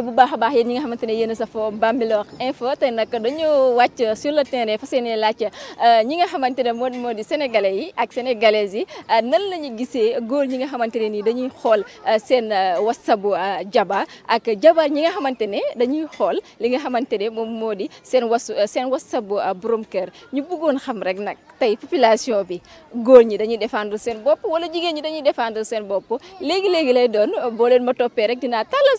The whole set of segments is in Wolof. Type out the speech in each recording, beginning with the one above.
nuyoo bu baax a da yéen ñi nga xamante ne yéen a safoo Bambilor info tey nag dañu wàcc sur le terrain fas yéene laajte euh, ñi nga xamante ne moo moo di sénégalais yi ak sénégalaises yi euh, nan la ñu gisee góor ñi nga xamante ne nii dañuy xool euh, seen wasabu jabar ak jabar ñi nga xamante ne dañuy xool li nga xamante ne moom moo di seen wasu seen wasabu borom kër ñu bëggoon xam rek nag tey population bi góor ñi dañuy défendre seen bopp wala jigéen ñi dañuy défendre seen bopp léegi léegi lay doon boo leen ma toppee rek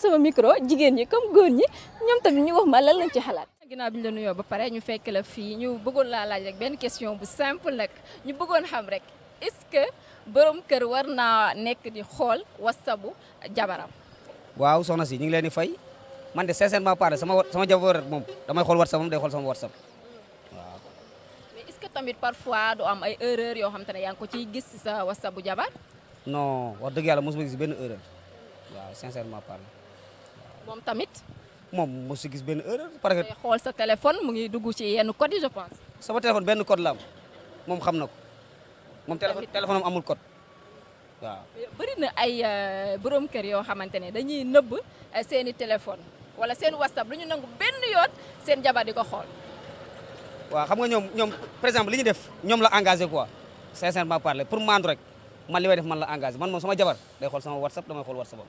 sama micro jigéen jigéen ñi comme góor ñi ñoom tamit ñu wax ma lan lañ ci xalaat. ginnaaw bi ñu la nuyoo ba pare ñu fekk la fii ñu bëggoon laa laaj rek benn question bu simple nag ñu bëggoon xam rek est-ce que borom kër war naa nekk di xool wasabu jabaram. waaw soxna si ñu ngi leen di fay man de sincèrement parlé sama sama jabar moom damay xool whatsapp moom day xool sama whatsapp. tamit parfois du am ay erreur yoo xam te ne yaa ngi ko ciy gis sa whatsapp bu jabar. non wax dëgg yàlla ma gis benn erreur waaw sincèrement parlé. Mam tamit mam musikis gis benn erreur parce que xool sa mu ngi dugg ci yenn code je pense sama téléphone benn code la am moom xam na ko am amul code waaw bëri na ay euh, borom kër yoo xamante dañuy nëbb euh, seen wala seen whatsapp lu nangu benn yoon seen jabar di ko xool xam nga ñoom ñoom par exemple li def ñoom la engagé quoi sincèrement parler pour maandu rek man li def man la man sama jabar day sama whatsapp damay whatsapp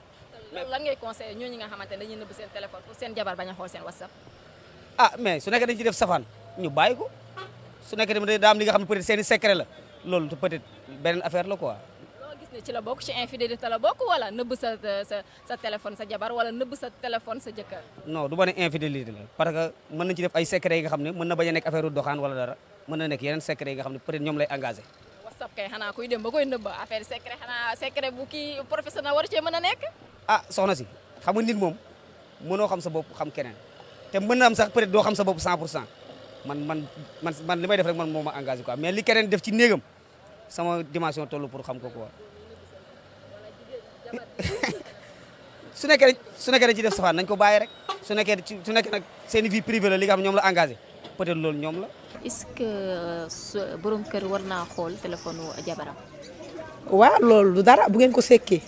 loolu lan ngay conseillé ñooñu nga xamante ne dañuy nëbb seen téléphone pour seen jabar bañ a xool seen whatsapp ah mais su nekkee dañ bàyyi ko su nga xam ne peut être seen la loolu bokk ci infidélité la bokk wala nëbb sa sa sa téléphone sa jabar wala nëbb sa téléphone sa jëkkër non du ma ne infidélité la parce que mën nañ ci ay secret yi nga xam ne mën na bañ a nekk affaire u doxaan wala dara mën na nekk yeneen secret yi nga xam ne peut être ñoom lay engagé whatsapp kay xanaa kuy dem ba koy nëbb affaire secret xanaa secret ah soxna si xam nga nit mom mëno xam sa bop xam keneen té mën na am sax peut être doo xam sa bop 100 man man man man li def rek man moma ma engagé quoi mais li keneen def ci négam sama dimension tollu pour xam ko quoi. su nekké su nekké ci def safaan nañ ko bàyyi rek su nekké su nekké nak seen vie privée la li nga xam ñom la engagé peut être lool ñom la. est ce que borom kër war naa xool téléphone jabaram. wa lool du dara bu ngeen ko sékké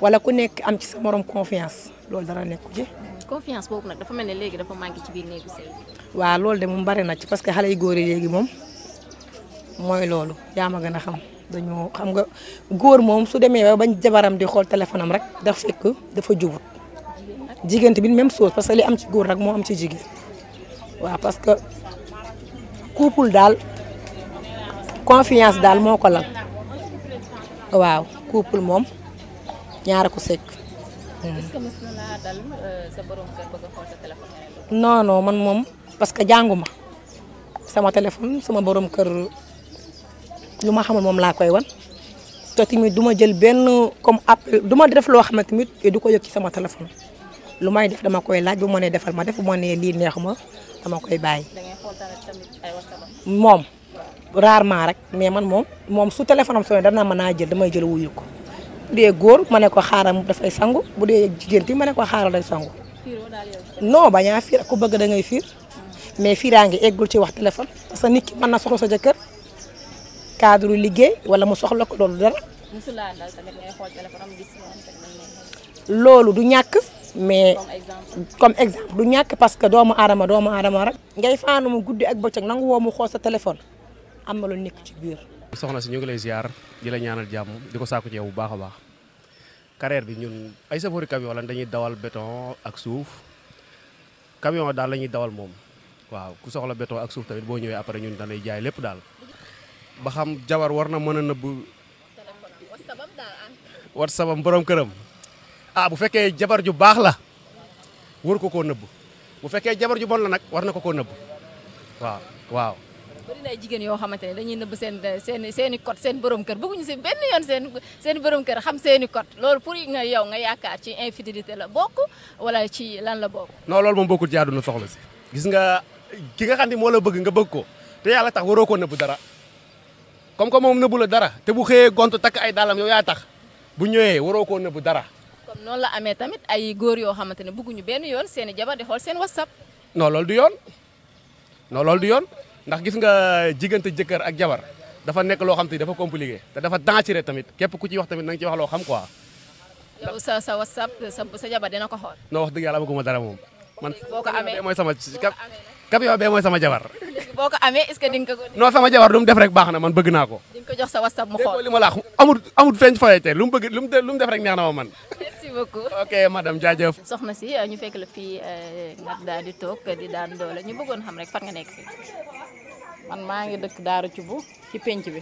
wala ku nekk am ci sa morom confiance loolu dara nekku ci. confiance boobu nag dafa mel ne léegi dafa manqué ci biir néegu sëy. waaw loolu de moom bari na ci parce que xale góor yi léegi moom mooy loolu yaa ma gën xam dañoo xam nga góor moom su demee ba bañ jabaram di xool téléphone am rek dafa fekk dafa jubut jigéen bi même chose parce que li am ci góor rek moo am ci jigéen waaw parce que couple daal confiance daal moo ko lal waaw couple moom. ñaar ko sekk. est euh, borom kër bëgg a xool sa téléphone. non man moom parce que jànguma sama téléphone sama borom kër lu ma xamul moom laa koy wan te tamit du ma jël benn comme appel duma def loo xam ne tamit du ko yëg ci sama téléphone lu may def dama koy laaj bu ma nee defal ma def bu ma nee lii neexuma dama koy bàyyi. da ngay xool tamit rek mais man moom moom su téléphone am soo dana mën naa jël damay jël wuyu ko. bu dee góor ma ne ko xaaral dafay sangu bu dee jigéen ti ma ne ko xaaral day sangu non bañaa fiir ku bëgg dangay ngay fiir mais fiiraa ngi eggul ci wax téléphone parce que nit ki mën na soxla sa jëkkër cadre liggéey wala mu soxla ko loolu dara loolu du ñàkk mais comme exemple du ñàkk parce que doomu aadama doomu aadama rek ngay faanu mu guddi ak bëccëg nangu woo mu xool sa téléphone am na lu nekk ci biir soxna si ñu ngi lay ziar di la ñaanal jàmm di ko saako ci bu baax a baax carrière bi ñun ay safari la lan dañuy dawal béton ak suuf camion daal la dawal moom waaw ku soxla béton ak suuf tamit boo ñëwee après ñun danay jaay lépp daal. ba xam jabar war na mën a nëbb. whatsapp am borom këram. ah bu fekkee jabar ju baax la war ko koo nëbb bu fekkee jabar ju bon la nag war na ko koo nëbb waaw. bëri na ay jigéen yoo xamante ne dañuy nëbb seen seen seen i code seen borom kër bëgguñu si benn yoon seen seen borom kër xam seeni i code loolu pour nga yow nga yaakaar ci infidélité la bokk wala ci lan la bokk. non loolu moom bokkul ci àdduna soxla si. gis nga ki nga xam ne moo la bëgg nga bëgg ko te la tax waroo koo nëbb dara comme que moom nëbbu la dara te bu xëyee gont takk ay dàllam yow yaa tax bu ñëwee waroo koo nëbb dara. comme noonu la amee tamit ay góor yoo xamante ne bëgguñu benn yoon seen i jabar di xool seen whatsapp. non loolu du yoon non loolu du yoon. ndax gis nga jigante jëkkër ak jabar dafa nekk loo xam te dafa compliqué ta dafa dangereux tamit képp ku ci wax tamit na nga ci wax loo xam quoi. yow sa sa whatsapp sa sa jabar dina ko xool. non wax dëgg yàlla amaguma dara moom. man boo ko amee mooy sama cap cap yow bee mooy sama jabar. boo ko amee est-ce que sama jabar lu mu def rek baax na man bëgg naa ko. di nga ko jox sa whatsapp mu xool li ma la amul amul feeñ fayete lu mu bëgg mu def rek neex na ma man. merci beaucoup ok madame jaajëf. soxna si ñu fekk la fii eh, nga daal di toog di daan doole ñu bëggoon xam rek fan nga nekk man maa ngi dëkk Daara Cubu ci penc bi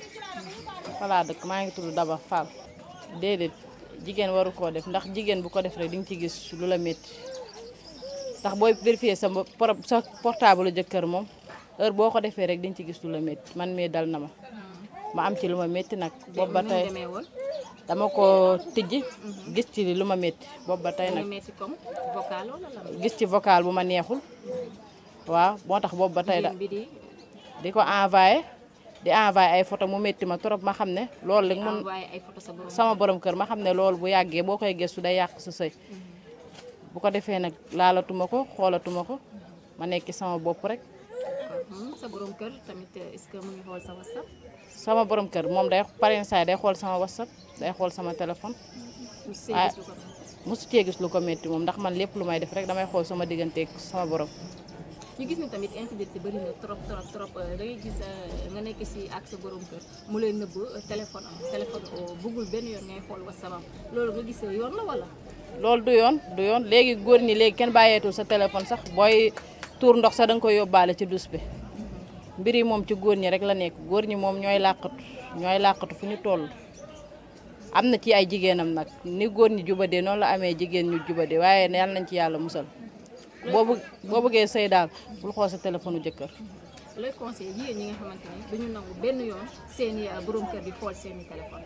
voilà dëkk maa ngi tudd Daba Fall déedéet jigéen waru koo def ndax jigéen bu ko def rek di nga ci gis lu la métti ndax booy vérifier sa sa portable jëkkër moom heure boo ko defee rek di nga ci gis lu la métti man mii dal na ma ma am ci lu ma métti nag. boobu ba dama ko tijji gis ci lu ma metti boobu ba tey nag gis ci vocal bu ma neexul waaw moo tax boobu ba tey da di ko envoyé di envoyé ay photo mu metti ma trop ma xam ne loolu léegi mun sama borom kër ma xam ne loolu bu yàggee boo koy gëstu day yàq sa sëy mhm. bu ko defee nag laalatuma ko xoolatuma ko ma nekk sama bopp rek mhm, sa tamit est sa WhatsApp sama borom kër moom day pareen saa day xool sama whatsapp day xool sama téléphone. ah mosu cee gis lu ko métti moom ndax man lépp lu may def rek damay xool sama digganteek sama borom. gis ni tamit infidélité bëri na euh, euh, nekk si ak sa borom kër mu lay nëbb euh, téléphone am téléphone oh, bëggul benn yoon xool whatsapp am loolu nga gis yoon la wala. loolu du yoon du yoon léegi góor ñi léegi kenn bàyyeetul sa téléphone sax booy tuur ndox sax da nga koy yóbbaale ci douche bi. mbiri mom ci goor ñi rek la nek goor ñi mom ñoy laqut ñoy laqut fu ñu toll am na ci ay jigéenam nak ni goor ñi jubadee non la amé jigéen ñu jubade waye na nañ ci yalla mussal boobu boo bëggee sey daal bu xool sa téléphone jëkkër looy conseil yéen ñi nga xamanteni duñu nangu benn yoon ya borom kër di xol seen téléphone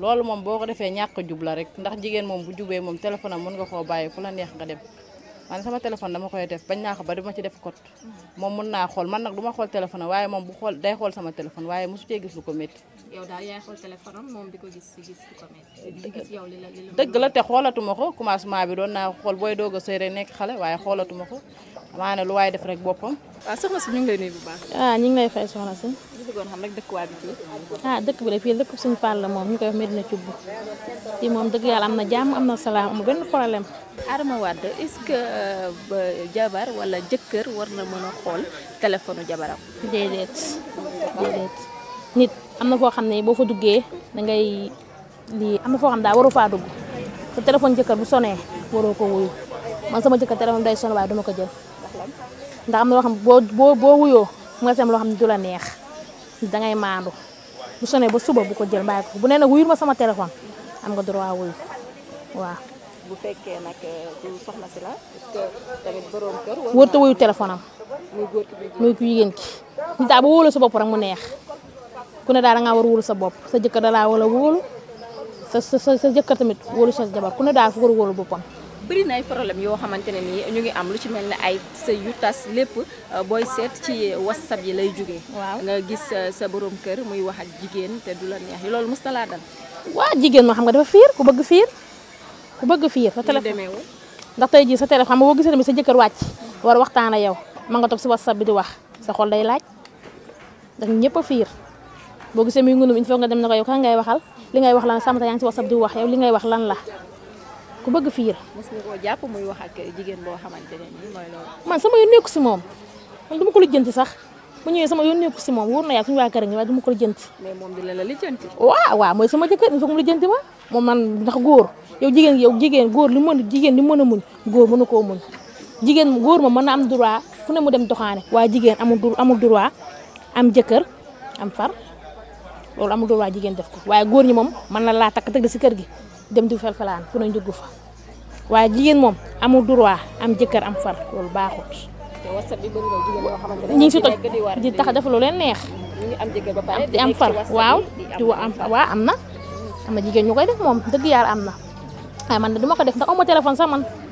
loolu mom boko ko ñak jubla rek ndax jigéen mom bu jubé mom téléphone am mën nga ko bayé fu la neex nga dem man sama téléphone dama koy def bañ naa ko ba dama ci def xool man nag du ma xool téléphone waaye moom bu xool day xool sama téléphone waaye mosu cee gis lu ko métti. yow daal yaay xool téléphone ko gis yow li dëgg la te xoolatuma ko commencement bi doon naa xool booy doog a sëy nekk xale waaye xoolatuma ko maa ne lu waaye def rek boppam. waaw soxna si ñu ngi lay nuyu bu baax. ah ñu ngi lay fay soxna si. li bëggoon xam rek dëkkuwaay bi fii. Ah, dëkk bi de fii dëkk suñu Fall la moom ñu koy wax Medina fii moom dëgg yàlla am na jaam am na salaam amul benn problème arma wad est-ce que euh, jabar wala jeuker warna meuna xol telephone xool téléphone jabaram. déedéet déedéet nit amna fo xamne bo fa duggé da ngay li amna fo xam da waru fa dugg te telephone jeuker bu soné waroo ko wuyu man sama jeuker telephone day sonn way duma ko jël ndax amna lo xam bo bo wuyo nga sem lo xam du la neex da ngay mandu bu soné ba suba bu ko jël bay ko bu néna na ma sama telephone am nga droit wuyu waaw. bu fekkee nag euh, du soxna si la parce que tamit borom kër. wër te wuyu am. muy góor ki jigéen ki. nit daal ba wóolu sa bopp rek mu neex ku ne daal da ngaa war wóolu sa bopp sa jëkkër da laa wala wóolu sa sa sa jëkkër tamit wóolu sa jabar ku ne daal fu war wóolu boppam. bëri na ay yoo xamante ne nii ñu ngi am lu ci mel ni ay sëy yu tas lépp euh, booy seet ci whatsapp yi lay jóge waaw nga gis euh, sa borom kër muy wax ak jigéen te du la neex loolu mos na laa dal. waa jigéen moo xam ku bëgg fiir sa téléphone ndax tey jii sa téléphone boo gisee tamit sa jëkkër wàcc war waxtaan ak yow ma nga toog si whatsapp bi di wax sa xol day laaj ndax ñëpp a fiir boo gisee muy ngunum il faut nga dem na ko yow kan ngay waxal li ngay wax lan sàmmta yaa ngi si whatsapp di wax yow li ngay wax lan la ku bëgg fiir mos nga jàpp muy wax ak jigéen boo xamante ne nii man sama yoon nekku moom man du ko lijjanti sax bu ñëwee sama yoon nekku si moom wóor na yaa suñu waa kër nga waaye du ma ko lijjanti mais moom dina la lijjanti waaw waaw mooy sama jëkkër mu lijjanti ma moom man ndax góor yow jigéen yow jigéen góor li mën jigéen li mën a muñ góor mënu koo muñ jigéen góor ma mën na am droit fu mu dem doxaane waa jigéen amul amul droit am jëkkër am far loolu amul droit jigéen def ko waaye góor ñi moom mën na laa takk tëdd si kër gi dem di felfelaan fu ne njugg fa waaye jigéen moom amul droit am jëkkër am far loolu baaxut ñu ngi si toj di tax def lu leen neex. di am far waaw di am wa am na. am na jigéen ñu koy def moom dëgg yàlla am na waaye man de du ma ko def ndax amu ma téléphone sax